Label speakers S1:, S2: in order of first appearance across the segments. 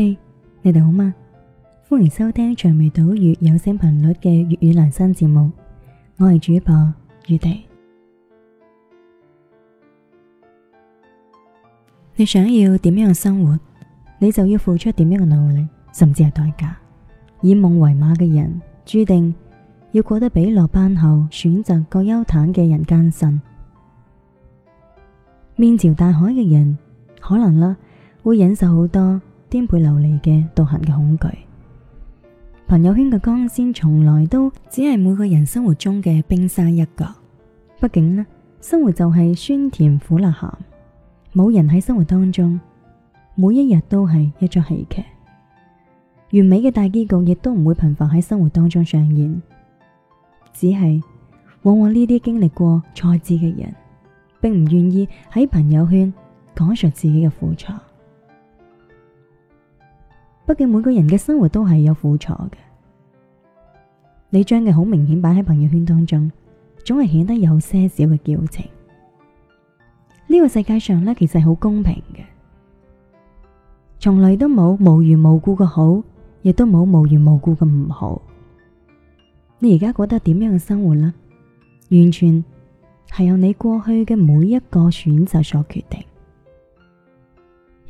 S1: 嘿，hey, 你哋好嗎？歡迎收聽《長眉島月有聲頻率》嘅粵語南山節目，我係主播玉地。你想要點樣嘅生活，你就要付出點樣嘅努力，甚至係代價。以夢為馬嘅人，注定要過得比落班後選擇葛優癱嘅人艱辛。面朝大海嘅人，可能啦會忍受好多。顛沛流離嘅獨行嘅恐懼，朋友圈嘅光鮮從來都只係每個人生活中嘅冰山一角。畢竟呢，生活就係酸甜苦辣鹹，冇人喺生活當中每一日都係一出喜劇。完美嘅大結局亦都唔會頻繁喺生活當中上演，只係往往呢啲經歷過荊棘嘅人，並唔願意喺朋友圈講述自己嘅苦楚。畢竟每個人嘅生活都係有苦楚嘅，你將嘅好明顯擺喺朋友圈當中，總係顯得有些少嘅矯情。呢個世界上咧，其實係好公平嘅，從來都冇無緣無故嘅好，亦都冇無緣無故嘅唔好。你而家過得點樣嘅生活呢？完全係由你過去嘅每一個選擇所決定。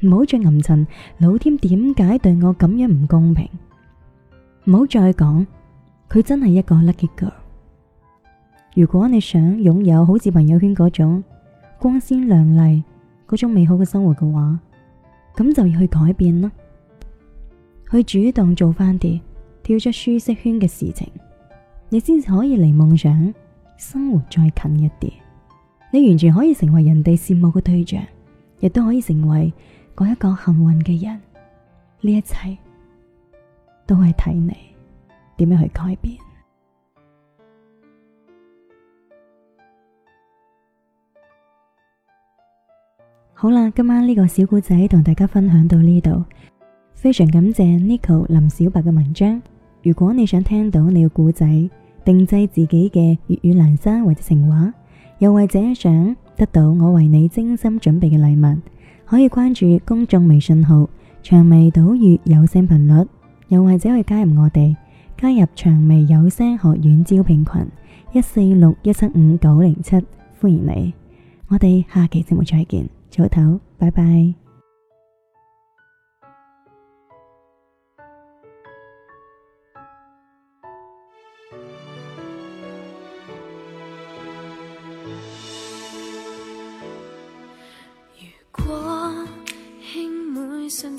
S1: 唔好再吟沉，老天點解對我咁樣唔公平？唔好再講，佢真係一個 lucky girl。如果你想擁有好似朋友圈嗰種光鮮亮麗、嗰種美好嘅生活嘅話，咁就要去改變啦，去主動做翻啲跳出舒適圈嘅事情，你先至可以離夢想生活再近一啲。你完全可以成為人哋羨慕嘅對象，亦都可以成為。講一個幸運嘅人，呢一切都係睇你點樣去改變。好啦，今晚呢個小古仔同大家分享到呢度，非常感謝 Nico 林小白嘅文章。如果你想聽到你嘅古仔，定製自己嘅粵語南山或者情話，又或者想得到我為你精心準備嘅禮物。可以關注公眾微信號“長微島嶼有聲頻率”，又或者可以加入我哋加入長微有聲學院招聘群一四六一七五九零七，7，歡迎你。我哋下期節目再見，早唞，拜拜。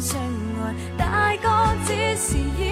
S2: 相愛，大哥只是要。